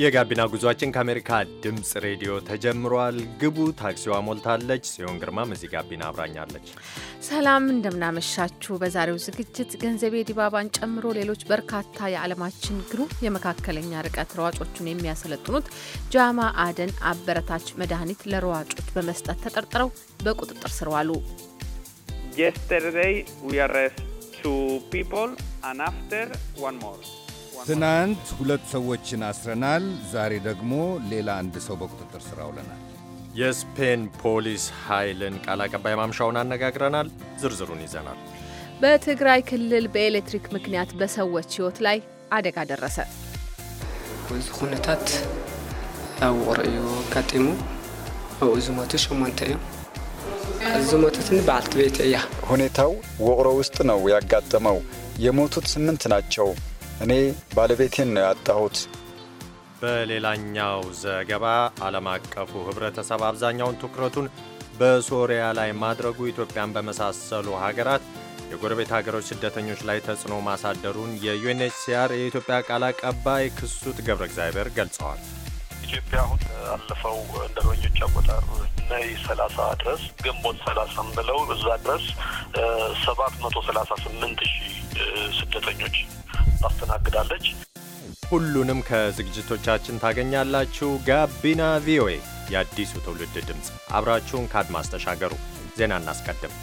የጋቢና ጉዟችን ከአሜሪካ ድምፅ ሬዲዮ ተጀምሯል። ግቡ። ታክሲዋ ሞልታለች። ሲሆን ግርማ እዚህ ጋቢና አብራኛለች። ሰላም እንደምናመሻችሁ። በዛሬው ዝግጅት ገንዘቤ ዲባባን ጨምሮ ሌሎች በርካታ የዓለማችን ግሩም የመካከለኛ ርቀት ሯጮቹን የሚያሰለጥኑት ጃማ አደን አበረታች መድኃኒት ለሯጮች በመስጠት ተጠርጥረው በቁጥጥር ስር ዋሉ። yesterday we arrest two people and after one more ትናንት ሁለት ሰዎችን አስረናል። ዛሬ ደግሞ ሌላ አንድ ሰው በቁጥጥር ስር አውለናል። የስፔን ፖሊስ ኃይልን ቃል አቀባይ ማምሻውን አነጋግረናል። ዝርዝሩን ይዘናል። በትግራይ ክልል በኤሌክትሪክ ምክንያት በሰዎች ሕይወት ላይ አደጋ ደረሰ። እዚ ኩነታት ኣብ እዩ ኣጋጢሙ ኣብኡ ዝሞቱ ሸሞንተ እዮም እዚ በዓልቲ ቤት እያ ሁኔታው ውቅሮ ውስጥ ነው ያጋጠመው። የሞቱት ስምንት ናቸው። እኔ ባለቤቴን ነው ያጣሁት። በሌላኛው ዘገባ ዓለም አቀፉ ኅብረተሰብ አብዛኛውን ትኩረቱን በሶሪያ ላይ ማድረጉ ኢትዮጵያን በመሳሰሉ ሀገራት የጎረቤት ሀገሮች ስደተኞች ላይ ተጽዕኖ ማሳደሩን የዩኤንኤችሲአር የኢትዮጵያ ቃል አቀባይ ክሱት ገብረ እግዚአብሔር ገልጸዋል። ኢትዮጵያ አሁን አለፈው እንደ ሮኞች አቆጣር ነይ ሰላሳ ድረስ ግንቦት ሰላሳ ብለው እዛ ድረስ ሰባት መቶ ሰላሳ ስምንት ሺህ ስደተኞች ታስተናግዳለች። ሁሉንም ከዝግጅቶቻችን ታገኛላችሁ። ጋቢና ቪኦኤ፣ የአዲሱ ትውልድ ድምፅ። አብራችሁን ከአድማስ ተሻገሩ። ዜና እናስቀድም።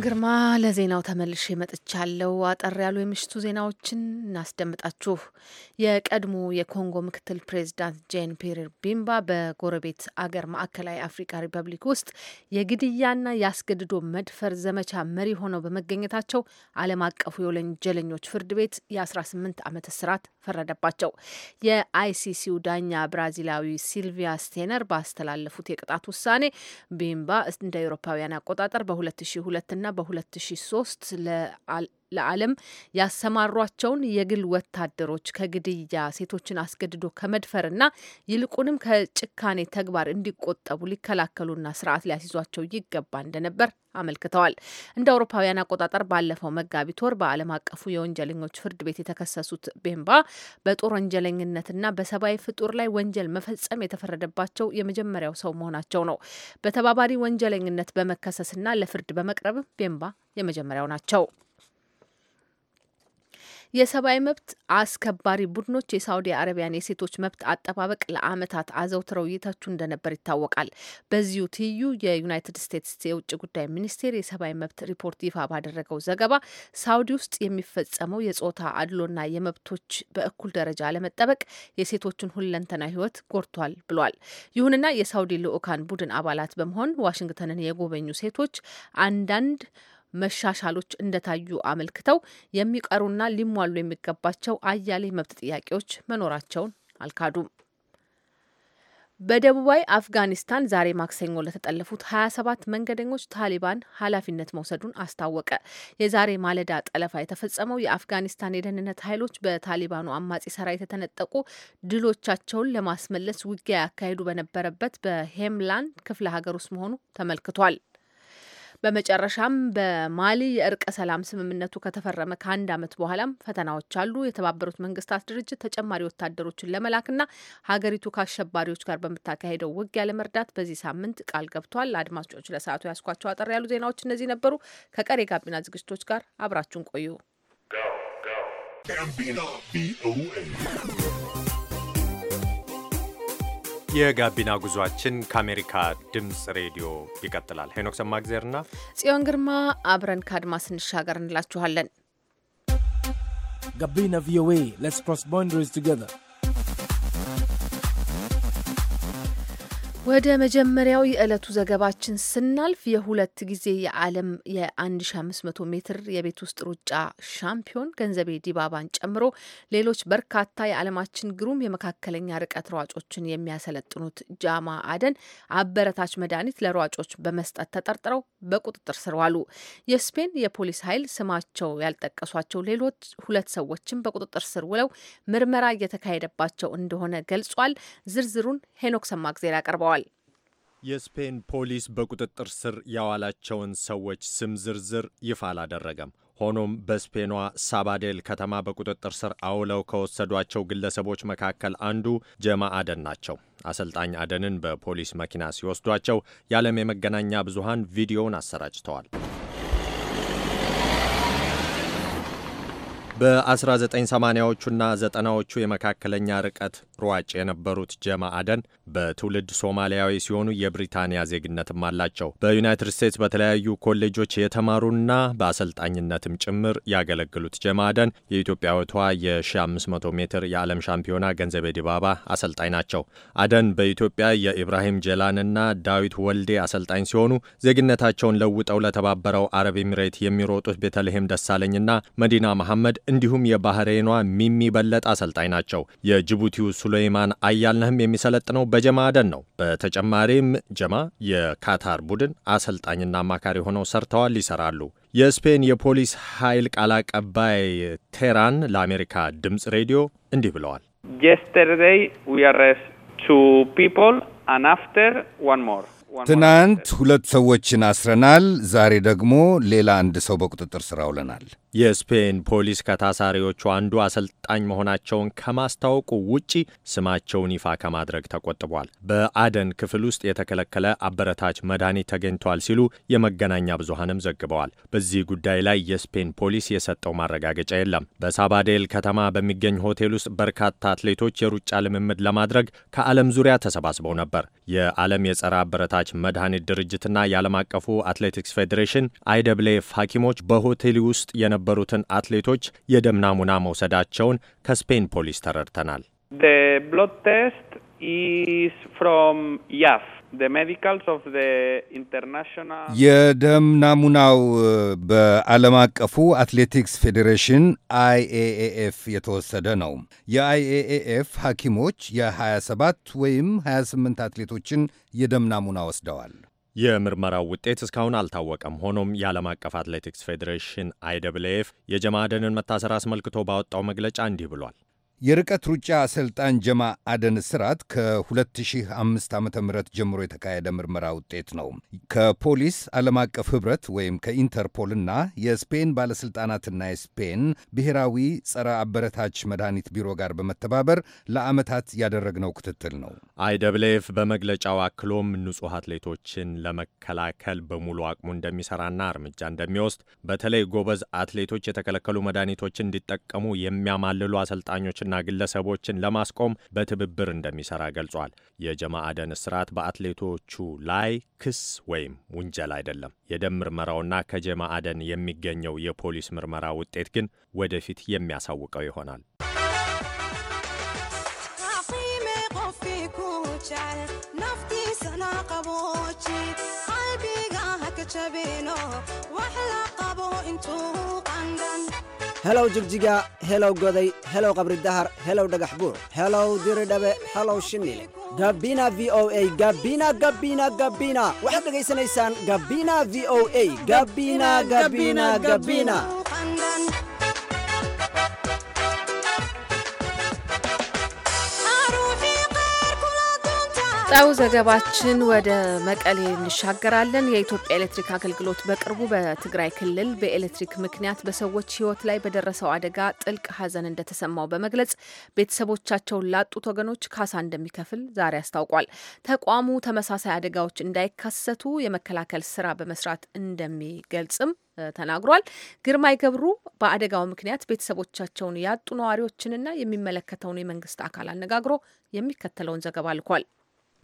ጽዮን ግርማ ለዜናው ተመልሼ መጥቻለሁ። አጠር ያሉ የምሽቱ ዜናዎችን እናስደምጣችሁ። የቀድሞ የኮንጎ ምክትል ፕሬዚዳንት ጄን ፒየር ቢምባ በጎረቤት አገር ማዕከላዊ አፍሪካ ሪፐብሊክ ውስጥ የግድያና የአስገድዶ መድፈር ዘመቻ መሪ ሆነው በመገኘታቸው ዓለም አቀፉ የወንጀለኞች ፍርድ ቤት የ18 ዓመት እስራት ፈረደባቸው። የአይሲሲው ዳኛ ብራዚላዊ ሲልቪያ ስቴነር ባስተላለፉት የቅጣት ውሳኔ ቢምባ እንደ አውሮፓውያን አቆጣጠር በ2002 እና በ2003 ለዓለም ያሰማሯቸውን የግል ወታደሮች ከግድያ፣ ሴቶችን አስገድዶ ከመድፈርና ይልቁንም ከጭካኔ ተግባር እንዲቆጠቡ ሊከላከሉና ስርዓት ሊያስይዟቸው ይገባ እንደነበር አመልክተዋል። እንደ አውሮፓውያን አቆጣጠር ባለፈው መጋቢት ወር በዓለም አቀፉ የወንጀለኞች ፍርድ ቤት የተከሰሱት ቤምባ በጦር ወንጀለኝነትና በሰብአዊ ፍጡር ላይ ወንጀል መፈጸም የተፈረደባቸው የመጀመሪያው ሰው መሆናቸው ነው። በተባባሪ ወንጀለኝነት በመከሰስና ለፍርድ በመቅረብ ቤምባ የመጀመሪያው ናቸው። የሰብአዊ መብት አስከባሪ ቡድኖች የሳውዲ አረቢያን የሴቶች መብት አጠባበቅ ለአመታት አዘውትረው ይተቹ እንደነበር ይታወቃል። በዚሁ ትይዩ የዩናይትድ ስቴትስ የውጭ ጉዳይ ሚኒስቴር የሰብአዊ መብት ሪፖርት ይፋ ባደረገው ዘገባ ሳውዲ ውስጥ የሚፈጸመው የጾታ አድሎና የመብቶች በእኩል ደረጃ አለመጠበቅ የሴቶችን ሁለንተና ህይወት ጎድቷል ብሏል። ይሁንና የሳውዲ ልዑካን ቡድን አባላት በመሆን ዋሽንግተንን የጎበኙ ሴቶች አንዳንድ መሻሻሎች እንደታዩ አመልክተው የሚቀሩና ሊሟሉ የሚገባቸው አያሌ መብት ጥያቄዎች መኖራቸውን አልካዱም። በደቡባዊ አፍጋኒስታን ዛሬ ማክሰኞ ለተጠለፉት 27 መንገደኞች ታሊባን ኃላፊነት መውሰዱን አስታወቀ። የዛሬ ማለዳ ጠለፋ የተፈጸመው የአፍጋኒስታን የደህንነት ኃይሎች በታሊባኑ አማጺ ሰራዊት የተነጠቁ ድሎቻቸውን ለማስመለስ ውጊያ ያካሄዱ በነበረበት በሄምላንድ ክፍለ ሀገር ውስጥ መሆኑ ተመልክቷል። በመጨረሻም በማሊ የእርቀ ሰላም ስምምነቱ ከተፈረመ ከአንድ ዓመት በኋላም ፈተናዎች አሉ። የተባበሩት መንግስታት ድርጅት ተጨማሪ ወታደሮችን ለመላክና ሀገሪቱ ከአሸባሪዎች ጋር በምታካሄደው ውጊያ ለመርዳት በዚህ ሳምንት ቃል ገብቷል። አድማጮች ለሰዓቱ ያስኳቸው አጠር ያሉ ዜናዎች እነዚህ ነበሩ። ከቀሪ ጋቢና ዝግጅቶች ጋር አብራችሁን ቆዩ። የጋቢና ጉዟችን ከአሜሪካ ድምፅ ሬዲዮ ይቀጥላል። ሄኖክ ሰማግዜርና ጽዮን ግርማ አብረን ከአድማ ስንሻገር እንላችኋለን። ጋቢና ቪኦኤ ሌትስ ክሮስ ባውንደሪስ ቱጌዘር ወደ መጀመሪያው የዕለቱ ዘገባችን ስናልፍ የሁለት ጊዜ የዓለም የ1500 ሜትር የቤት ውስጥ ሩጫ ሻምፒዮን ገንዘቤ ዲባባን ጨምሮ ሌሎች በርካታ የዓለማችን ግሩም የመካከለኛ ርቀት ሯጮችን የሚያሰለጥኑት ጃማ አደን አበረታች መድኃኒት ለሯጮች በመስጠት ተጠርጥረው በቁጥጥር ስር ዋሉ። የስፔን የፖሊስ ኃይል ስማቸው ያልጠቀሷቸው ሌሎች ሁለት ሰዎችም በቁጥጥር ስር ውለው ምርመራ እየተካሄደባቸው እንደሆነ ገልጿል። ዝርዝሩን ሄኖክ ሰማግዜር ያቀርበዋል። የስፔን ፖሊስ በቁጥጥር ስር ያዋላቸውን ሰዎች ስም ዝርዝር ይፋ አላደረገም። ሆኖም በስፔኗ ሳባዴል ከተማ በቁጥጥር ስር አውለው ከወሰዷቸው ግለሰቦች መካከል አንዱ ጀማ አደን ናቸው። አሰልጣኝ አደንን በፖሊስ መኪና ሲወስዷቸው የዓለም የመገናኛ ብዙሃን ቪዲዮውን አሰራጭተዋል። በ1980ዎቹና ዘጠናዎቹ የመካከለኛ ርቀት ሯጭ የነበሩት ጀማ አደን በትውልድ ሶማሊያዊ ሲሆኑ የብሪታንያ ዜግነትም አላቸው። በዩናይትድ ስቴትስ በተለያዩ ኮሌጆች የተማሩና በአሰልጣኝነትም ጭምር ያገለግሉት ጀማ አደን የኢትዮጵያዊቷ የ1500 ሜትር የዓለም ሻምፒዮና ገንዘቤ ዲባባ አሰልጣኝ ናቸው። አደን በኢትዮጵያ የኢብራሂም ጀላንና ዳዊት ወልዴ አሰልጣኝ ሲሆኑ ዜግነታቸውን ለውጠው ለተባበረው አረብ ኤሚሬት የሚሮጡት ቤተልሔም ደሳለኝና መዲና መሐመድ እንዲሁም የባህሬኗ ሚሚ በለጥ አሰልጣኝ ናቸው። የጅቡቲው ሱሌይማን አያልነህም የሚሰለጥነው በጀማ አደን ነው። በተጨማሪም ጀማ የካታር ቡድን አሰልጣኝና አማካሪ ሆነው ሰርተዋል፣ ይሰራሉ። የስፔን የፖሊስ ኃይል ቃል አቀባይ ቴራን ለአሜሪካ ድምፅ ሬዲዮ እንዲህ ብለዋል። ዊ አረስት ቱ አን አፍተር ዋን ሞር ትናንት ሁለት ሰዎችን አስረናል። ዛሬ ደግሞ ሌላ አንድ ሰው በቁጥጥር ስር አውለናል። የስፔን ፖሊስ ከታሳሪዎቹ አንዱ አሰልጣኝ መሆናቸውን ከማስታወቁ ውጪ ስማቸውን ይፋ ከማድረግ ተቆጥቧል። በአደን ክፍል ውስጥ የተከለከለ አበረታች መድኃኒት ተገኝቷል ሲሉ የመገናኛ ብዙሃንም ዘግበዋል። በዚህ ጉዳይ ላይ የስፔን ፖሊስ የሰጠው ማረጋገጫ የለም። በሳባዴል ከተማ በሚገኝ ሆቴል ውስጥ በርካታ አትሌቶች የሩጫ ልምምድ ለማድረግ ከዓለም ዙሪያ ተሰባስበው ነበር። የዓለም የጸረ አበረታች መድኃኒት ድርጅትና የዓለም አቀፉ አትሌቲክስ ፌዴሬሽን አይደብሌፍ ሐኪሞች በሆቴል ውስጥ የነ የነበሩትን አትሌቶች የደም ናሙና መውሰዳቸውን ከስፔን ፖሊስ ተረድተናል። የደም ናሙናው በዓለም አቀፉ አትሌቲክስ ፌዴሬሽን አይኤኤኤፍ የተወሰደ ነው። የአይኤኤኤፍ ሐኪሞች የ27 ወይም 28 አትሌቶችን የደም ናሙና ወስደዋል። የምርመራው ውጤት እስካሁን አልታወቀም። ሆኖም የዓለም አቀፍ አትሌቲክስ ፌዴሬሽን አይደብልኤፍ የጀማደንን መታሰር አስመልክቶ ባወጣው መግለጫ እንዲህ ብሏል። የርቀት ሩጫ አሰልጣኝ ጀማ አደን ስርዓት ከ2005 ዓ ም ጀምሮ የተካሄደ ምርመራ ውጤት ነው። ከፖሊስ ዓለም አቀፍ ኅብረት ወይም ከኢንተርፖልና የስፔን ባለሥልጣናትና የስፔን ብሔራዊ ጸረ አበረታች መድኃኒት ቢሮ ጋር በመተባበር ለዓመታት ያደረግነው ክትትል ነው። አይደብሌፍ በመግለጫው አክሎም ንጹሕ አትሌቶችን ለመከላከል በሙሉ አቅሙ እንደሚሠራና እርምጃ እንደሚወስድ በተለይ ጎበዝ አትሌቶች የተከለከሉ መድኃኒቶችን እንዲጠቀሙ የሚያማልሉ አሰልጣኞችን ቡድንና ግለሰቦችን ለማስቆም በትብብር እንደሚሰራ ገልጿል። የጀማ አደን እስራት በአትሌቶቹ ላይ ክስ ወይም ውንጀል አይደለም። የደም ምርመራውና ከጀማ አደን የሚገኘው የፖሊስ ምርመራ ውጤት ግን ወደፊት የሚያሳውቀው ይሆናል። helow jigjiga helow goday helow qabri dahar helow dhagax buur helow diri dhabe helow shini gabina v o a gabina gabina gabina waxaad dhegaysanaysaan gabina v o a gabina gabina gabina ቀጣዩ ዘገባችን ወደ መቀሌ እንሻገራለን። የኢትዮጵያ ኤሌክትሪክ አገልግሎት በቅርቡ በትግራይ ክልል በኤሌክትሪክ ምክንያት በሰዎች ሕይወት ላይ በደረሰው አደጋ ጥልቅ ሐዘን እንደተሰማው በመግለጽ ቤተሰቦቻቸውን ላጡት ወገኖች ካሳ እንደሚከፍል ዛሬ አስታውቋል። ተቋሙ ተመሳሳይ አደጋዎች እንዳይከሰቱ የመከላከል ስራ በመስራት እንደሚገልጽም ተናግሯል። ግርማይ ገብሩ በአደጋው ምክንያት ቤተሰቦቻቸውን ያጡ ነዋሪዎችንና የሚመለከተውን የመንግስት አካል አነጋግሮ የሚከተለውን ዘገባ ልኳል።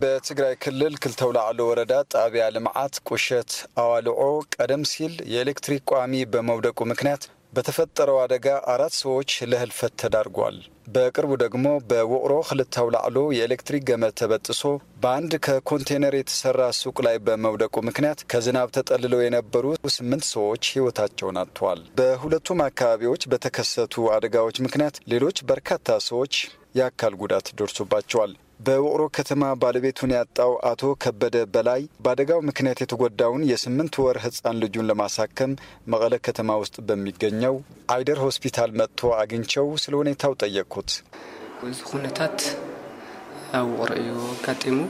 በትግራይ ክልል ክልተ አውላዕሎ ወረዳ ጣብያ ልምዓት ቁሸት አዋልዖ ቀደም ሲል የኤሌክትሪክ ቋሚ በመውደቁ ምክንያት በተፈጠረው አደጋ አራት ሰዎች ለህልፈት ተዳርጓል። በቅርቡ ደግሞ በውቅሮ ክልተ አውላዕሎ የኤሌክትሪክ ገመድ ተበጥሶ በአንድ ከኮንቴነር የተሰራ ሱቅ ላይ በመውደቁ ምክንያት ከዝናብ ተጠልለው የነበሩ ስምንት ሰዎች ህይወታቸውን አጥተዋል። በሁለቱም አካባቢዎች በተከሰቱ አደጋዎች ምክንያት ሌሎች በርካታ ሰዎች የአካል ጉዳት ደርሶባቸዋል። በውቅሮ ከተማ ባለቤቱን ያጣው አቶ ከበደ በላይ በአደጋው ምክንያት የተጎዳውን የስምንት ወር ህፃን ልጁን ለማሳከም መቀለ ከተማ ውስጥ በሚገኘው አይደር ሆስፒታል መጥቶ አግኝቸው ስለ ሁኔታው ጠየቅኩት። እዚ ሁነታት ኣብ ውቅሮ እዩ ኣጋጢሙ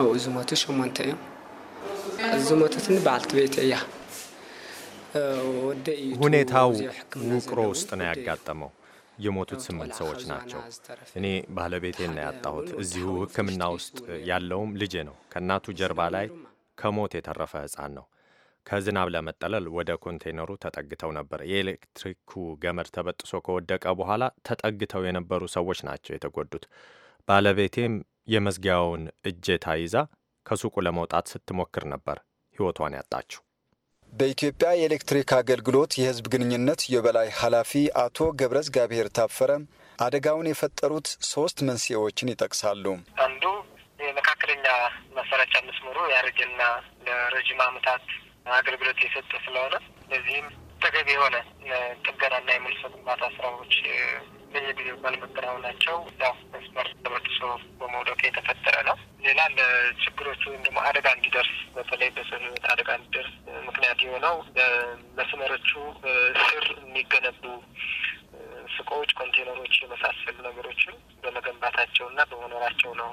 ኣብኡ ዝሞቱ ሸሞንተ እዮም ዝሞቱትን በዓልቲ ቤት እያ። ሁኔታው ውቅሮ ውስጥ ነው ያጋጠመው። የሞቱት ስምንት ሰዎች ናቸው። እኔ ባለቤቴን ነው ያጣሁት። እዚሁ ሕክምና ውስጥ ያለውም ልጄ ነው። ከእናቱ ጀርባ ላይ ከሞት የተረፈ ሕፃን ነው። ከዝናብ ለመጠለል ወደ ኮንቴይነሩ ተጠግተው ነበር። የኤሌክትሪኩ ገመድ ተበጥሶ ከወደቀ በኋላ ተጠግተው የነበሩ ሰዎች ናቸው የተጎዱት። ባለቤቴም የመዝጊያውን እጀታ ይዛ ከሱቁ ለመውጣት ስትሞክር ነበር ሕይወቷን ያጣችው። በኢትዮጵያ የኤሌክትሪክ አገልግሎት የህዝብ ግንኙነት የበላይ ኃላፊ አቶ ገብረዝ ጋብሔር ታፈረ አደጋውን የፈጠሩት ሶስት መንስኤዎችን ይጠቅሳሉ። አንዱ የመካከለኛ መሰረቻ መስመሩ ያረጀና ለረዥም ዓመታት አገልግሎት የሰጠ ስለሆነ ለዚህም ተገቢ የሆነ ጥገናና የመልሶ ግንባታ ስራዎች በየጊዜው ናቸው። ያው መስመር ተበጥሶ በመውደቅ የተፈጠረ ነው። ሌላ ለችግሮቹ ወይም ደግሞ አደጋ እንዲደርስ በተለይ በሰው ሕይወት አደጋ እንዲደርስ ምክንያት የሆነው በመስመሮቹ ስር የሚገነቡ ሱቆች፣ ኮንቴነሮች የመሳሰሉ ነገሮችን በመገንባታቸው እና በመኖራቸው ነው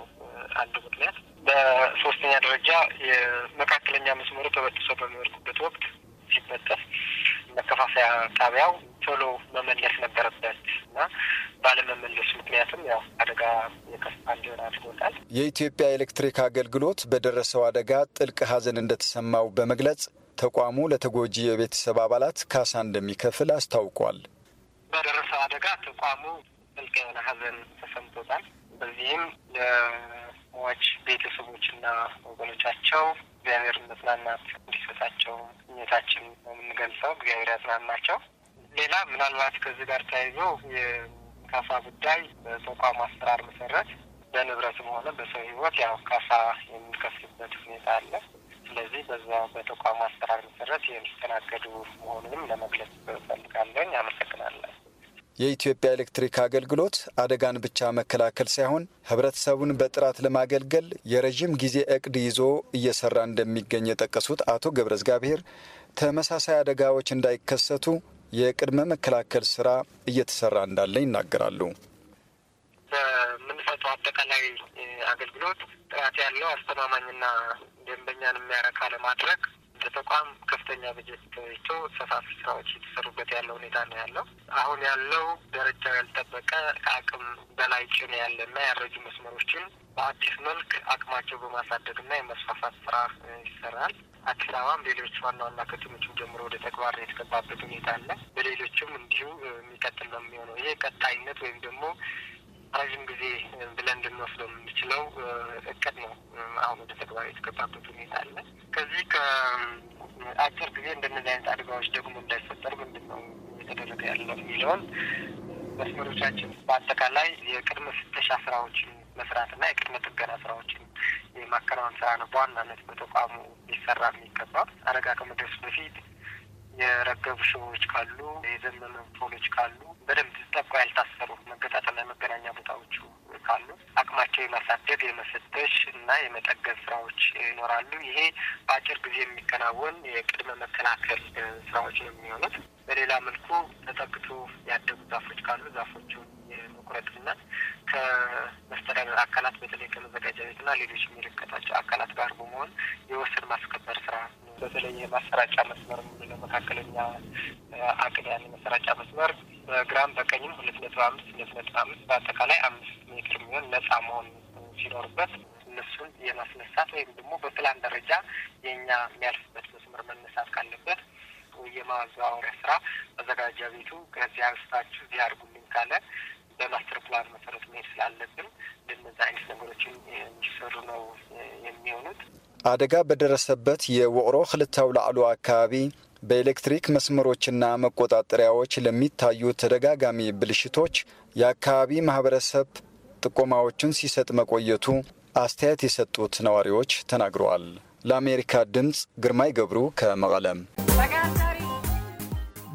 አንዱ ምክንያት። በሶስተኛ ደረጃ የመካከለኛ መስመሩ ተበጥሶ በሚወድቁበት ወቅት ሲበጠስ መከፋፈያ ጣቢያው ቶሎ መመለስ ነበረበት እና ባለመመለሱ ምክንያትም ያው አደጋ የከፋ እንዲሆን አድርጎታል። የኢትዮጵያ ኤሌክትሪክ አገልግሎት በደረሰው አደጋ ጥልቅ ሐዘን እንደተሰማው በመግለጽ ተቋሙ ለተጎጂ የቤተሰብ አባላት ካሳ እንደሚከፍል አስታውቋል። በደረሰው አደጋ ተቋሙ ጥልቅ የሆነ ሐዘን ተሰምቶታል። በዚህም ለሟች ቤተሰቦችና ወገኖቻቸው እግዚአብሔር መጽናናት እንዲሰጣቸው እኘታችን ነው የምንገልጸው። እግዚአብሔር ያጽናናቸው። ሌላ ምናልባት ከዚህ ጋር ተያይዞ የካሳ ጉዳይ በተቋሙ አሰራር መሰረት በንብረትም ሆነ በሰው ሕይወት ያው ካሳ የምንከፍልበት ሁኔታ አለ። ስለዚህ በዛ በተቋሙ አሰራር መሰረት የሚስተናገዱ መሆኑንም ለመግለጽ ፈልጋለኝ። አመሰግናለን። የኢትዮጵያ ኤሌክትሪክ አገልግሎት አደጋን ብቻ መከላከል ሳይሆን ህብረተሰቡን በጥራት ለማገልገል የረዥም ጊዜ እቅድ ይዞ እየሰራ እንደሚገኝ የጠቀሱት አቶ ገብረ እግዚአብሔር ተመሳሳይ አደጋዎች እንዳይከሰቱ የቅድመ መከላከል ስራ እየተሰራ እንዳለ ይናገራሉ። የሚሰጠው አጠቃላይ አገልግሎት ጥራት ያለው አስተማማኝና ደንበኛን የሚያረካ ለማድረግ ተቋም ከፍተኛ በጀት ተይቶ ሰፋፊ ስራዎች የተሰሩበት ያለው ሁኔታ ነው ያለው። አሁን ያለው ደረጃው ያልጠበቀ ከአቅም በላይ ጭን ያለና ያረጁ መስመሮችን በአዲስ መልክ አቅማቸው በማሳደግና የመስፋፋት ስራ ይሰራል። አዲስ አበባም ሌሎች ዋና ዋና ከተሞችም ጀምሮ ወደ ተግባር የተገባበት ሁኔታ አለ። በሌሎችም እንዲሁ የሚቀጥል ነው የሚሆነው። ይሄ ቀጣይነት ወይም ደግሞ ረዥም ጊዜ ብለን እንድንወስደው የምንችለው እቅድ ነው። አሁን ወደ ተግባር የተገባበት ሁኔታ አለ። ከዚህ ከአጭር ጊዜ እንደነዚህ አይነት አደጋዎች ደግሞ እንዳይፈጠር ምንድን ነው እየተደረገ ያለው የሚለውን መስመሮቻችን በአጠቃላይ የቅድመ ፍተሻ ስራዎችን መስራትና የቅድመ ጥገና ስራዎችን የማከናወን ስራ ነው በዋናነት በተቋሙ ሊሰራ የሚገባ አደጋ ከመድረሱ በፊት የረገቡ ሽቦዎች ካሉ የዘመመ ፖሎች ካሉ በደንብ ጠብቆ ያልታሰሩ መገጣጠሚያ መገናኛ ቦታዎቹ ካሉ አቅማቸው የማሳደግ የመፈተሽ እና የመጠገብ ስራዎች ይኖራሉ። ይሄ በአጭር ጊዜ የሚከናወን የቅድመ መከላከል ስራዎች ነው የሚሆኑት። በሌላ መልኩ ተጠግቶ ያደጉ ዛፎች ካሉ ዛፎቹ የመቁረጥና ከመስተዳደር አካላት በተለይ ከመዘጋጃ ቤትና ሌሎች የሚመለከታቸው አካላት ጋር በመሆን የወሰን ማስከበር ስራ በተለይ የማሰራጫ መስመር የምንለው መካከለኛ አቅም ያለ መሰራጫ መስመር በግራም በቀኝም ሁለት ነጥብ አምስት ሁለት ነጥብ አምስት በአጠቃላይ አምስት ሜትር የሚሆን ነፃ መሆን ሲኖርበት እነሱን የማስነሳት ወይም ደግሞ በፕላን ደረጃ የእኛ የሚያልፍበት መስመር መነሳት ካለበት የማዘዋወሪያ ስራ አዘጋጃ ቤቱ ከዚህ አንስታችሁ እዚህ አድርጉልኝ ካለ በማስተር ፕላን መሰረት መሄድ ስላለብን እንደነዚ አይነት ነገሮችን እንዲሰሩ ነው የሚሆኑት። አደጋ በደረሰበት የውቅሮ ክልታው ላዕሉ አካባቢ በኤሌክትሪክ መስመሮችና መቆጣጠሪያዎች ለሚታዩ ተደጋጋሚ ብልሽቶች የአካባቢ ማህበረሰብ ጥቆማዎችን ሲሰጥ መቆየቱ አስተያየት የሰጡት ነዋሪዎች ተናግረዋል። ለአሜሪካ ድምፅ ግርማይ ገብሩ ከመቀለም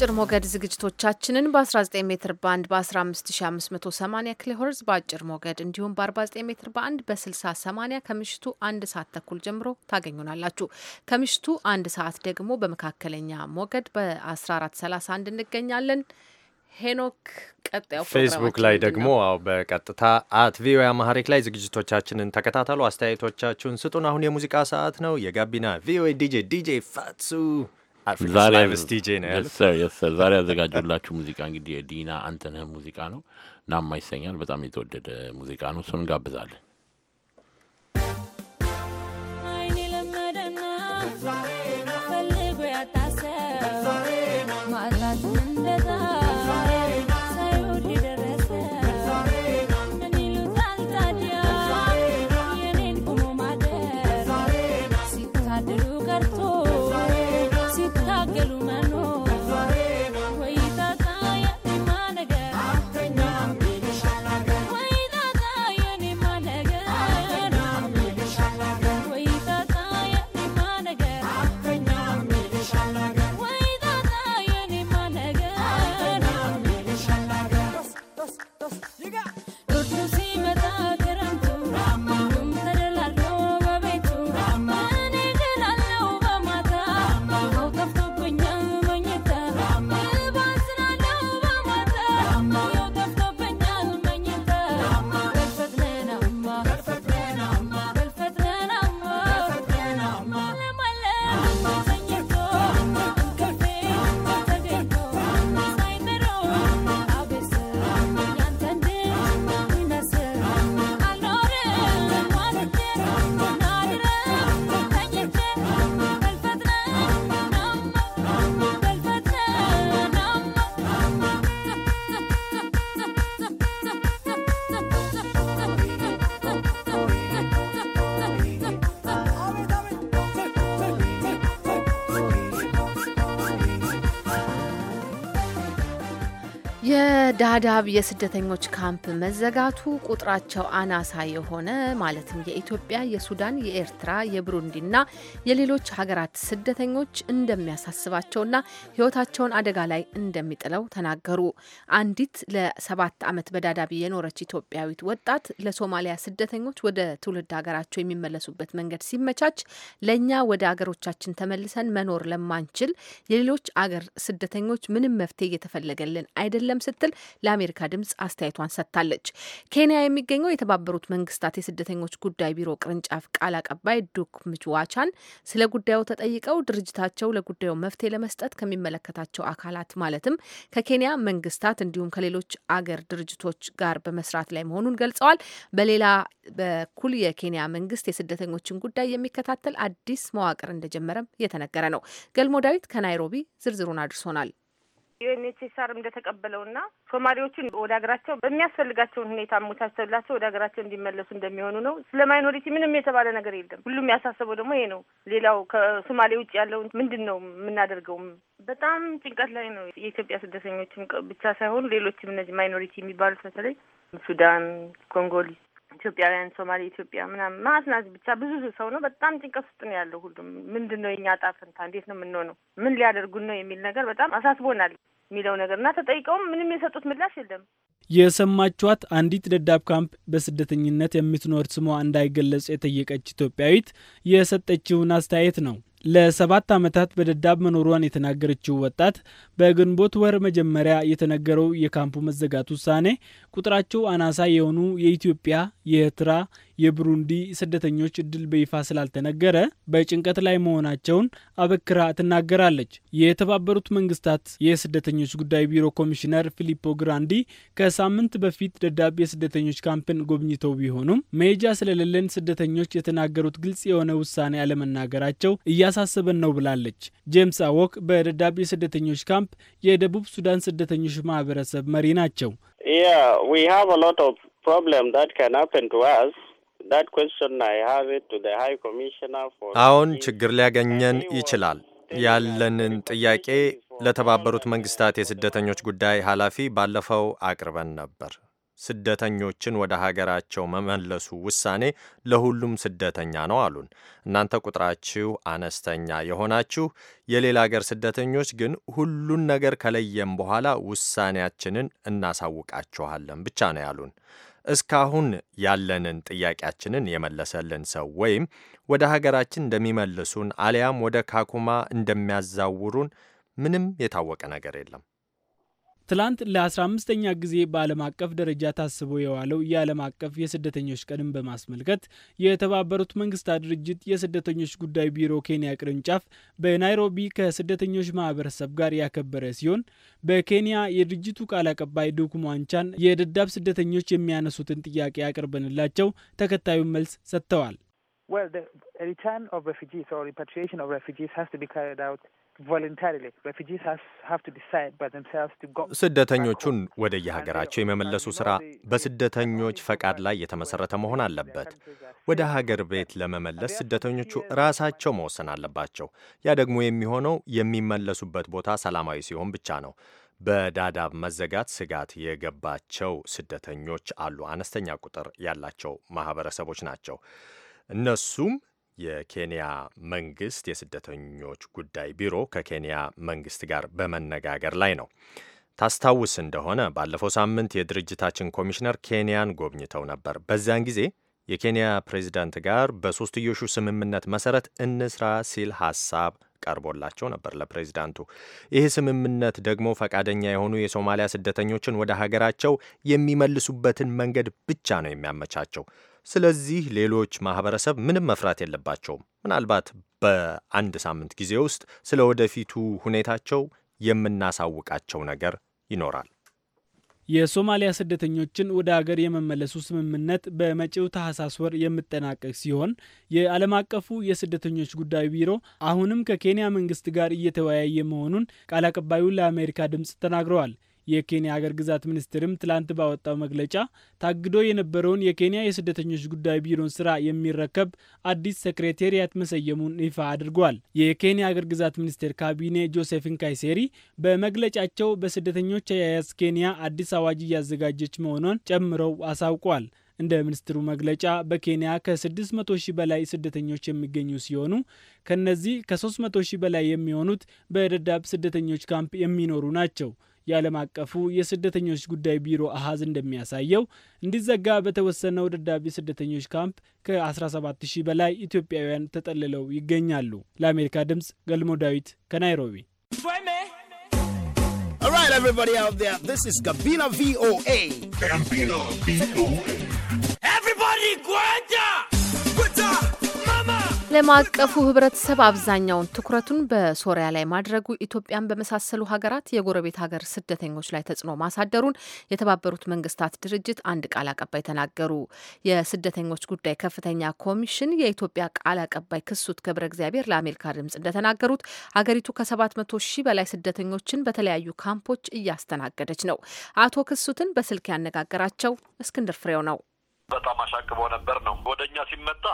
የአጭር ሞገድ ዝግጅቶቻችንን በ19 ሜትር ባንድ በ15580 ኪሎ በአጭር ሞገድ እንዲሁም በ49 ሜትር ባንድ በ6080 ከምሽቱ አንድ ሰዓት ተኩል ጀምሮ ታገኙናላችሁ። ከምሽቱ አንድ ሰዓት ደግሞ በመካከለኛ ሞገድ በ1431 እንገኛለን። ሄኖክ ቀጣዩ ፌስቡክ ላይ ደግሞ በቀጥታ አት ቪኦኤ አማሐሪክ ላይ ዝግጅቶቻችንን ተከታተሉ፣ አስተያየቶቻችሁን ስጡን። አሁን የሙዚቃ ሰዓት ነው። የጋቢና ቪኦኤ ዲጄ ዲጄ ፋትሱ ዛሬ ያዘጋጀላችሁ ሙዚቃ እንግዲህ የዲና አንተነህ ሙዚቃ ነው። ናማ ይሰኛል። በጣም የተወደደ ሙዚቃ ነው። እሱን እንጋብዛለን። ዳዳብ የስደተኞች ካምፕ መዘጋቱ ቁጥራቸው አናሳ የሆነ ማለትም የኢትዮጵያ፣ የሱዳን፣ የኤርትራ፣ የብሩንዲና የሌሎች ሀገራት ስደተኞች እንደሚያሳስባቸውና ሕይወታቸውን አደጋ ላይ እንደሚጥለው ተናገሩ። አንዲት ለሰባት ዓመት በዳዳብ የኖረች ኢትዮጵያዊት ወጣት ለሶማሊያ ስደተኞች ወደ ትውልድ ሀገራቸው የሚመለሱበት መንገድ ሲመቻች ለእኛ ወደ አገሮቻችን ተመልሰን መኖር ለማንችል የሌሎች አገር ስደተኞች ምንም መፍትሄ እየተፈለገልን አይደለም ስትል ለአሜሪካ ድምጽ አስተያየቷን ሰጥታለች። ኬንያ የሚገኘው የተባበሩት መንግስታት የስደተኞች ጉዳይ ቢሮ ቅርንጫፍ ቃል አቀባይ ዱክ ምጅዋቻን ስለ ጉዳዩ ተጠይቀው ድርጅታቸው ለጉዳዩ መፍትሄ ለመስጠት ከሚመለከታቸው አካላት ማለትም ከኬንያ መንግስታት እንዲሁም ከሌሎች አገር ድርጅቶች ጋር በመስራት ላይ መሆኑን ገልጸዋል። በሌላ በኩል የኬንያ መንግስት የስደተኞችን ጉዳይ የሚከታተል አዲስ መዋቅር እንደጀመረም እየተነገረ ነው። ገልሞ ዳዊት ከናይሮቢ ዝርዝሩን አድርሶናል። ዩኤንኤችሲአር እና ሶማሌዎቹን ወደ ሀገራቸው በሚያስፈልጋቸውን ሁኔታ አመቻችተውላቸው ወደ ሀገራቸው እንዲመለሱ እንደሚሆኑ ነው። ስለ ማይኖሪቲ ምንም የተባለ ነገር የለም። ሁሉም ያሳሰበው ደግሞ ይሄ ነው። ሌላው ከሶማሌ ውጭ ያለውን ምንድን ነው የምናደርገውም በጣም ጭንቀት ላይ ነው። የኢትዮጵያ ስደተኞችም ብቻ ሳይሆኑ ሌሎችም እነዚህ ማይኖሪቲ የሚባሉት በተለይ ሱዳን፣ ኮንጎ ኢትዮጵያውያን፣ ሶማሌ ኢትዮጵያ ምናምን ማስናት ብቻ ብዙ ሰው ነው። በጣም ጭንቀት ውስጥ ነው ያለው ሁሉም። ምንድን ነው የኛ ዕጣ ፈንታ? እንዴት ነው የምንሆነው? ምን ሊያደርጉን ነው የሚል ነገር በጣም አሳስቦናል የሚለው ነገር እና ተጠይቀውም ምንም የሰጡት ምላሽ የለም። የሰማችኋት አንዲት ደዳብ ካምፕ በስደተኝነት የምትኖር ስሟ እንዳይገለጽ የጠየቀች ኢትዮጵያዊት የሰጠችውን አስተያየት ነው። ለሰባት ዓመታት በደዳብ መኖሯን የተናገረችው ወጣት በግንቦት ወር መጀመሪያ የተነገረው የካምፑ መዘጋት ውሳኔ ቁጥራቸው አናሳ የሆኑ የኢትዮጵያ፣ የኤርትራ የብሩንዲ ስደተኞች እድል በይፋ ስላልተነገረ በጭንቀት ላይ መሆናቸውን አበክራ ትናገራለች። የተባበሩት መንግስታት የስደተኞች ጉዳይ ቢሮ ኮሚሽነር ፊሊፖ ግራንዲ ከሳምንት በፊት ደዳብ የስደተኞች ካምፕን ጎብኝተው ቢሆኑም መሄጃ ስለሌለን ስደተኞች የተናገሩት ግልጽ የሆነ ውሳኔ አለመናገራቸው እያሳሰበን ነው ብላለች። ጄምስ አወክ በደዳብ የስደተኞች ካምፕ የደቡብ ሱዳን ስደተኞች ማህበረሰብ መሪ ናቸው። አሁን ችግር ሊያገኘን ይችላል። ያለንን ጥያቄ ለተባበሩት መንግስታት የስደተኞች ጉዳይ ኃላፊ ባለፈው አቅርበን ነበር። ስደተኞችን ወደ ሀገራቸው መመለሱ ውሳኔ ለሁሉም ስደተኛ ነው አሉን። እናንተ ቁጥራችሁ አነስተኛ የሆናችሁ የሌላ አገር ስደተኞች ግን ሁሉን ነገር ከለየም በኋላ ውሳኔያችንን እናሳውቃችኋለን ብቻ ነው ያሉን። እስካሁን ያለንን ጥያቄያችንን የመለሰልን ሰው ወይም ወደ ሀገራችን እንደሚመልሱን አሊያም ወደ ካኩማ እንደሚያዛውሩን ምንም የታወቀ ነገር የለም። ትላንት ለ15ኛ ጊዜ በዓለም አቀፍ ደረጃ ታስቦ የዋለው የዓለም አቀፍ የስደተኞች ቀንም በማስመልከት የተባበሩት መንግስታት ድርጅት የስደተኞች ጉዳይ ቢሮ ኬንያ ቅርንጫፍ በናይሮቢ ከስደተኞች ማህበረሰብ ጋር ያከበረ ሲሆን በኬንያ የድርጅቱ ቃል አቀባይ ዱኩ የደዳብ ስደተኞች የሚያነሱትን ጥያቄ አቅርበንላቸው ተከታዩን መልስ ሰጥተዋል። ስደተኞቹን ወደየሀገራቸው የመመለሱ ሥራ በስደተኞች ፈቃድ ላይ የተመሠረተ መሆን አለበት። ወደ ሀገር ቤት ለመመለስ ስደተኞቹ ራሳቸው መወሰን አለባቸው። ያ ደግሞ የሚሆነው የሚመለሱበት ቦታ ሰላማዊ ሲሆን ብቻ ነው። በዳዳብ መዘጋት ስጋት የገባቸው ስደተኞች አሉ። አነስተኛ ቁጥር ያላቸው ማህበረሰቦች ናቸው። እነሱም የኬንያ መንግስት የስደተኞች ጉዳይ ቢሮ ከኬንያ መንግስት ጋር በመነጋገር ላይ ነው። ታስታውስ እንደሆነ ባለፈው ሳምንት የድርጅታችን ኮሚሽነር ኬንያን ጎብኝተው ነበር። በዚያን ጊዜ የኬንያ ፕሬዚዳንት ጋር በሶስትዮሹ ስምምነት መሰረት እንስራ ሲል ሀሳብ ቀርቦላቸው ነበር ለፕሬዚዳንቱ። ይህ ስምምነት ደግሞ ፈቃደኛ የሆኑ የሶማሊያ ስደተኞችን ወደ ሀገራቸው የሚመልሱበትን መንገድ ብቻ ነው የሚያመቻቸው። ስለዚህ ሌሎች ማህበረሰብ ምንም መፍራት የለባቸውም። ምናልባት በአንድ ሳምንት ጊዜ ውስጥ ስለ ወደፊቱ ሁኔታቸው የምናሳውቃቸው ነገር ይኖራል። የሶማሊያ ስደተኞችን ወደ አገር የመመለሱ ስምምነት በመጪው ታህሳስ ወር የሚጠናቀቅ ሲሆን የዓለም አቀፉ የስደተኞች ጉዳይ ቢሮ አሁንም ከኬንያ መንግስት ጋር እየተወያየ መሆኑን ቃል አቀባዩ ለአሜሪካ ድምፅ ተናግረዋል። የኬንያ ሀገር ግዛት ሚኒስትርም ትላንት ባወጣው መግለጫ ታግዶ የነበረውን የኬንያ የስደተኞች ጉዳይ ቢሮን ስራ የሚረከብ አዲስ ሴክሬቴሪያት መሰየሙን ይፋ አድርጓል። የኬንያ ሀገር ግዛት ሚኒስቴር ካቢኔ ጆሴፍን ካይሴሪ በመግለጫቸው በስደተኞች አያያዝ ኬንያ አዲስ አዋጅ እያዘጋጀች መሆኗን ጨምረው አሳውቋል። እንደ ሚኒስትሩ መግለጫ በኬንያ ከ600 ሺህ በላይ ስደተኞች የሚገኙ ሲሆኑ ከነዚህ ከ300 ሺህ በላይ የሚሆኑት በደዳብ ስደተኞች ካምፕ የሚኖሩ ናቸው። የዓለም አቀፉ የስደተኞች ጉዳይ ቢሮ አሃዝ እንደሚያሳየው እንዲዘጋ በተወሰነው ደዳቢ ስደተኞች ካምፕ ከ17 ሺህ በላይ ኢትዮጵያውያን ተጠልለው ይገኛሉ። ለአሜሪካ ድምፅ ገልሞ ዳዊት ከናይሮቢ። All right, everybody out there, this is Gabina VOA. Gabina VOA. ዓለም አቀፉ ህብረተሰብ አብዛኛውን ትኩረቱን በሶሪያ ላይ ማድረጉ ኢትዮጵያን በመሳሰሉ ሀገራት የጎረቤት ሀገር ስደተኞች ላይ ተጽዕኖ ማሳደሩን የተባበሩት መንግስታት ድርጅት አንድ ቃል አቀባይ ተናገሩ። የስደተኞች ጉዳይ ከፍተኛ ኮሚሽን የኢትዮጵያ ቃል አቀባይ ክሱት ገብረ እግዚአብሔር ለአሜሪካ ድምጽ እንደተናገሩት ሀገሪቱ ከ መቶ ሺህ በላይ ስደተኞችን በተለያዩ ካምፖች እያስተናገደች ነው። አቶ ክሱትን በስልክ ያነጋገራቸው እስክንድር ፍሬው ነው። በጣም አሻቅቦ ነበር ነው። ወደ እኛ ሲመጣ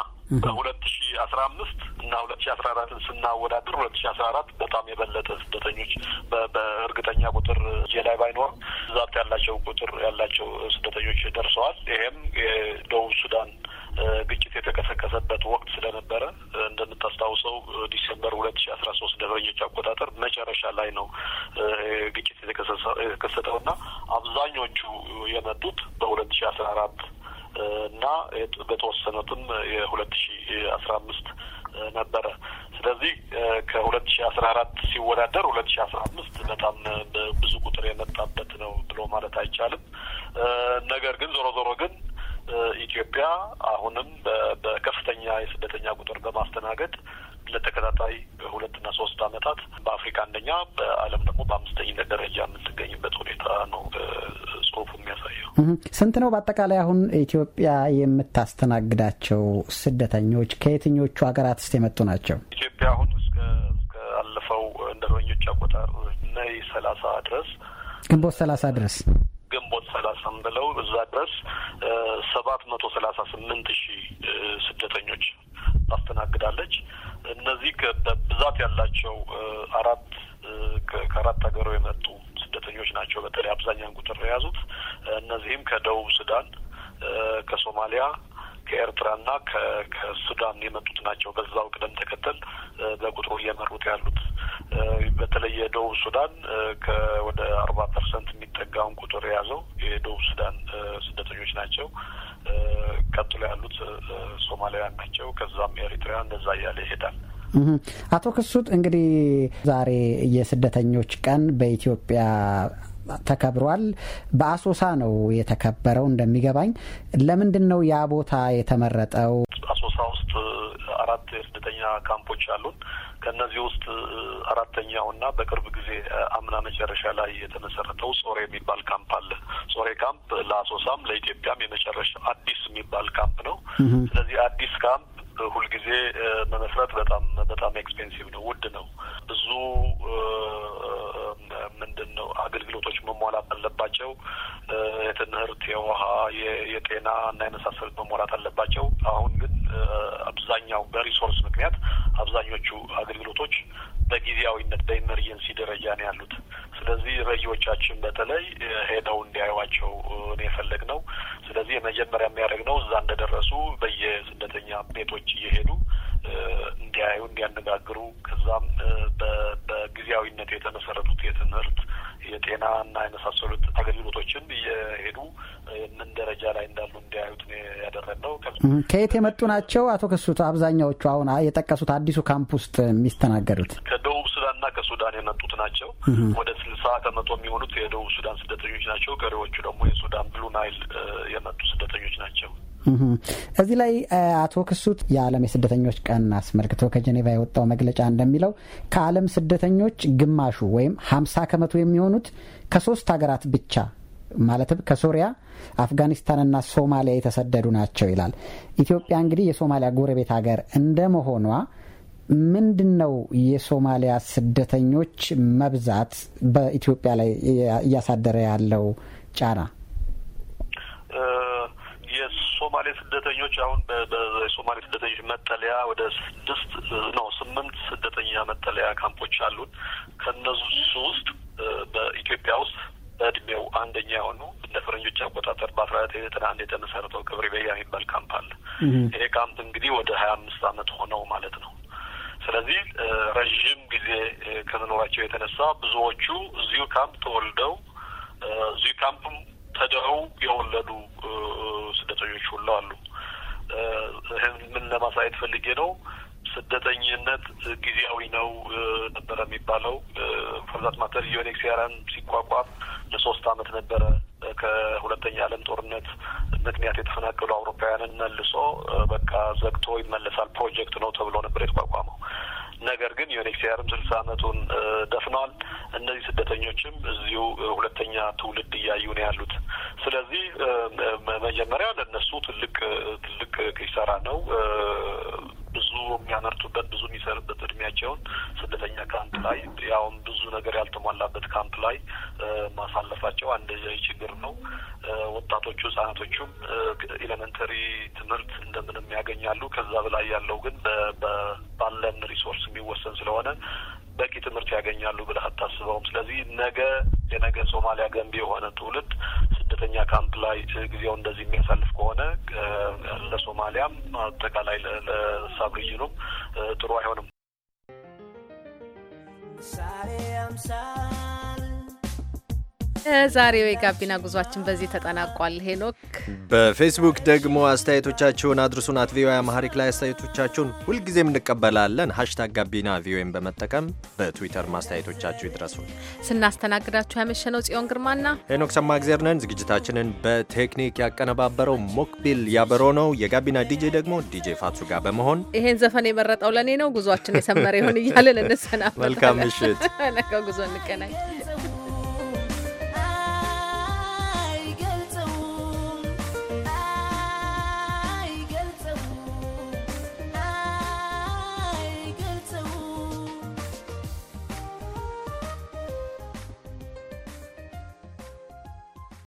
በሁለት ሺ አስራ አምስት እና ሁለት ሺ አስራ አራትን ስናወዳድር ሁለት ሺ አስራ አራት በጣም የበለጠ ስደተኞች በእርግጠኛ ቁጥር እጄ ላይ ባይኖር ብዛት ያላቸው ቁጥር ያላቸው ስደተኞች ደርሰዋል። ይሄም የደቡብ ሱዳን ግጭት የተቀሰቀሰበት ወቅት ስለነበረ እንደምታስታውሰው ዲሴምበር ሁለት ሺ አስራ ሶስት ደረኞች አቆጣጠር መጨረሻ ላይ ነው ግጭት የተከሰተው እና አብዛኞቹ የመጡት በሁለት ሺ አስራ አራት እና በተወሰኑትም የሁለት ሺ አስራ አምስት ነበረ። ስለዚህ ከሁለት ሺ አስራ አራት ሲወዳደር ሁለት ሺ አስራ አምስት በጣም ብዙ ቁጥር የመጣበት ነው ብሎ ማለት አይቻልም። ነገር ግን ዞሮ ዞሮ ግን ኢትዮጵያ አሁንም በከፍተኛ የስደተኛ ቁጥር በማስተናገድ ለተከታታይ ሁለትና ሶስት አመታት በአፍሪካ አንደኛ፣ በዓለም ደግሞ በአምስተኝነት ደረጃ የምትገኝበት ሁኔታ ነው ስንት ነው በአጠቃላይ አሁን ኢትዮጵያ የምታስተናግዳቸው ስደተኞች ከየትኞቹ ሀገራት ስ የመጡ ናቸው? ኢትዮጵያ አሁን እስከ አለፈው እንደ ሮኞች አቆጣር ነይ ሰላሳ ድረስ ግንቦት ሰላሳ ድረስ ግንቦት ሰላሳም ብለው እዛ ድረስ ሰባት መቶ ሰላሳ ስምንት ሺህ ስደተኞች ታስተናግዳለች። እነዚህ ብዛት ያላቸው አራት ከአራት ሀገሮ የመጡ ስደተኞች ናቸው። በተለይ አብዛኛውን ቁጥር የያዙት እነዚህም ከደቡብ ሱዳን፣ ከሶማሊያ ከኤርትራና ከሱዳን የመጡት ናቸው። በዛው ቅደም ተከተል በቁጥሩ እየመሩት ያሉት በተለይ የደቡብ ሱዳን ወደ አርባ ፐርሰንት የሚጠጋውን ቁጥር የያዘው የደቡብ ሱዳን ስደተኞች ናቸው። ቀጥሎ ያሉት ሶማሊያውያን ናቸው። ከዛም ኤሪትሪያ እንደዛ እያለ ይሄዳል። አቶ ክሱት እንግዲህ ዛሬ የስደተኞች ቀን በኢትዮጵያ ተከብሯል። በአሶሳ ነው የተከበረው እንደሚገባኝ። ለምንድን ነው ያ ቦታ የተመረጠው? አሶሳ ውስጥ አራት የስደተኛ ካምፖች አሉን። ከእነዚህ ውስጥ አራተኛው እና በቅርብ ጊዜ አምና መጨረሻ ላይ የተመሰረተው ጾሬ የሚባል ካምፕ አለ። ጾሬ ካምፕ ለአሶሳም ለኢትዮጵያም የመጨረሻ አዲስ የሚባል ካምፕ ነው። ስለዚህ አዲስ ካምፕ ሁልጊዜ መመስረት በጣም በጣም ኤክስፔንሲቭ ነው፣ ውድ ነው። ብዙ ምንድን ነው አገልግሎቶች መሟላት አለባቸው። የትምህርት፣ የውሃ፣ የጤና እና የመሳሰሉት መሟላት አለባቸው። አሁን ግን አብዛኛው በሪሶርስ ምክንያት አብዛኞቹ አገልግሎቶች በጊዜያዊነት በኢመርጀንሲ ደረጃ ነው ያሉት። ስለዚህ ረጂዎቻችን በተለይ ሄደው እንዲያዩዋቸው ነው ስለዚህ የመጀመሪያ ነው እዛ እንደደረሱ በየስደተኛ ቤቶች እየሄዱ እንዲያዩ እንዲያነጋግሩ፣ ከዛም በጊዜያዊነት የተመሰረቱት የትምህርት የጤና እና የመሳሰሉት አገልግሎቶችን እየሄዱ ምን ደረጃ ላይ እንዳሉ እንዲያዩት ነው። ከየት የመጡ ናቸው? አቶ ክሱት አብዛኛዎቹ አሁን የጠቀሱት አዲሱ ካምፕ ውስጥ የሚስተናገዱት ከዶ ከሱዳን የመጡት ናቸው። ወደ ስልሳ ከመቶ የሚሆኑት የደቡብ ሱዳን ስደተኞች ናቸው። ቀሪዎቹ ደግሞ የሱዳን ብሉ ናይል የመጡ ስደተኞች ናቸው። እዚህ ላይ አቶ ክሱት የዓለም የስደተኞች ቀን አስመልክቶ ከጀኔቫ የወጣው መግለጫ እንደሚለው ከዓለም ስደተኞች ግማሹ ወይም ሀምሳ ከመቶ የሚሆኑት ከሶስት ሀገራት ብቻ ማለትም ከሶሪያ፣ አፍጋኒስታንና ሶማሊያ የተሰደዱ ናቸው ይላል። ኢትዮጵያ እንግዲህ የሶማሊያ ጎረቤት ሀገር እንደመሆኗ ምንድን ነው የሶማሊያ ስደተኞች መብዛት በኢትዮጵያ ላይ እያሳደረ ያለው ጫና? የሶማሌ ስደተኞች አሁን የሶማሌ ስደተኞች መጠለያ ወደ ስድስት ነው ስምንት ስደተኛ መጠለያ ካምፖች አሉን። ከነሱ ውስጥ በኢትዮጵያ ውስጥ በእድሜው አንደኛ የሆኑ እንደ ፈረንጆች አቆጣጠር በአስራ ዘጠና አንድ የተመሰረተው ክብሪ በያ የሚባል ካምፕ አለ። ይሄ ካምፕ እንግዲህ ወደ ሀያ አምስት አመት ሆነው ማለት ነው ስለዚህ ረዥም ጊዜ ከመኖራቸው የተነሳ ብዙዎቹ እዚሁ ካምፕ ተወልደው እዚሁ ካምፕም ተደው የወለዱ ስደተኞች ሁሉ አሉ። ምን ለማሳየት ፈልጌ ነው? ስደተኝነት ጊዜያዊ ነው ነበረ የሚባለው። ፈርዛት ማተር ዩኤንኤችሲአርን ሲቋቋም ለሶስት አመት ነበረ ከሁለተኛ ዓለም ጦርነት ምክንያት የተፈናቀሉ አውሮፓውያንን መልሶ በቃ ዘግቶ ይመለሳል ፕሮጀክት ነው ተብሎ ነበር የተቋቋመው። ነገር ግን ዩኤንኤችሲአርም ስልሳ አመቱን ደፍነዋል። እነዚህ ስደተኞችም እዚሁ ሁለተኛ ትውልድ እያዩ ነው ያሉት። ስለዚህ መጀመሪያ ለእነሱ ትልቅ ትልቅ ኪሳራ ነው። የሚያመርቱበት ብዙ የሚሰሩበት እድሜያቸውን ስደተኛ ካምፕ ላይ ያውም ብዙ ነገር ያልተሟላበት ካምፕ ላይ ማሳለፋቸው አንደዚያዊ ችግር ነው። ወጣቶቹ ህጻናቶቹም ኤሌመንተሪ ትምህርት እንደምንም ያገኛሉ። ከዛ በላይ ያለው ግን ባለን ሪሶርስ የሚወሰን ስለሆነ በቂ ትምህርት ያገኛሉ ብለህ አታስበውም። ስለዚህ ነገ የነገ ሶማሊያ ገንቢ የሆነ ትውልድ ስደተኛ ካምፕ ላይ ጊዜው እንደዚህ የሚያሳልፍ ከሆነ ለሶማሊያም አጠቃላይ ለሳብ ሪጅኑም ጥሩ አይሆንም። አምሳ የዛሬው የጋቢና ጉዟችን በዚህ ተጠናቋል። ሄኖክ በፌስቡክ ደግሞ አስተያየቶቻችሁን አድርሱን። አት ቪኦኤ አማሪክ ላይ አስተያየቶቻችሁን ሁልጊዜም እንቀበላለን። ሀሽታግ ጋቢና ቪኦኤን በመጠቀም በትዊተር ማስተያየቶቻችሁ ይድረሱ። ስናስተናግዳችሁ ያመሸነው ጽዮን ግርማና ሄኖክ ሰማእግዜር ነን። ዝግጅታችንን በቴክኒክ ያቀነባበረው ሞክቢል ያበሮ ነው። የጋቢና ዲጄ ደግሞ ዲጄ ፋቱ ጋር በመሆን ይሄን ዘፈን የመረጠው ለእኔ ነው። ጉዟችን የሰመረ ይሁን እያለን እንሰናበታለን። መልካም ምሽት። ነገ ጉዞ እንገናኝ።